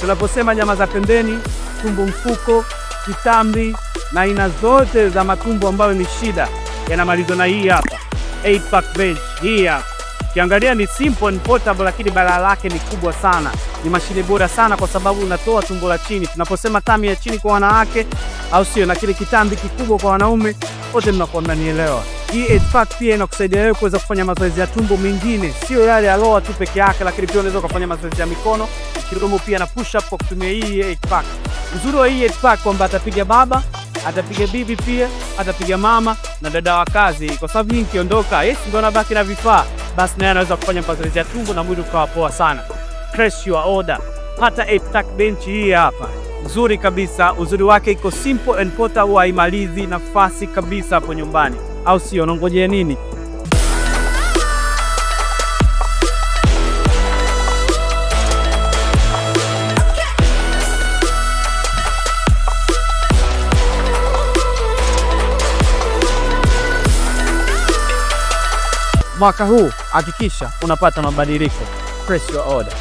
Tunaposema nyama za pembeni, tumbo mfuko, kitambi na aina zote za matumbo ambayo ni shida yanamalizwa na hii hapa 8 pack veg. Hii hapa ukiangalia ni simple, and portable, lakini balaa lake ni kubwa sana. Ni mashine bora sana kwa sababu unatoa tumbo la chini, tunaposema tami ya chini kwa wanawake, au sio, na kile kitambi kikubwa kwa wanaume, wote mnakuwa mnanielewa. Hii Edge pia inakusaidia e wewe kuweza kufanya mazoezi ya tumbo mengine, sio yale ya lower tu peke yake, lakini pia unaweza kufanya mazoezi ya mikono, kidogo pia na push up kwa kutumia hii e, Edge Pack. Uzuri wa hii Edge Pack kwamba atapiga baba, atapiga bibi pia, atapiga mama na dada wa kazi, kwa sababu hii ikiondoka, yes ndio anabaki na vifaa, basi naye anaweza kufanya mazoezi ya tumbo na mwili ukawa poa sana. Crash your order. Hata Edge Pack bench hii hapa nzuri kabisa. Uzuri wake iko simple and portable, haimalizi nafasi kabisa hapo nyumbani au sio? Unangojea nini? Mwaka huu hakikisha unapata mabadiliko. Press your order.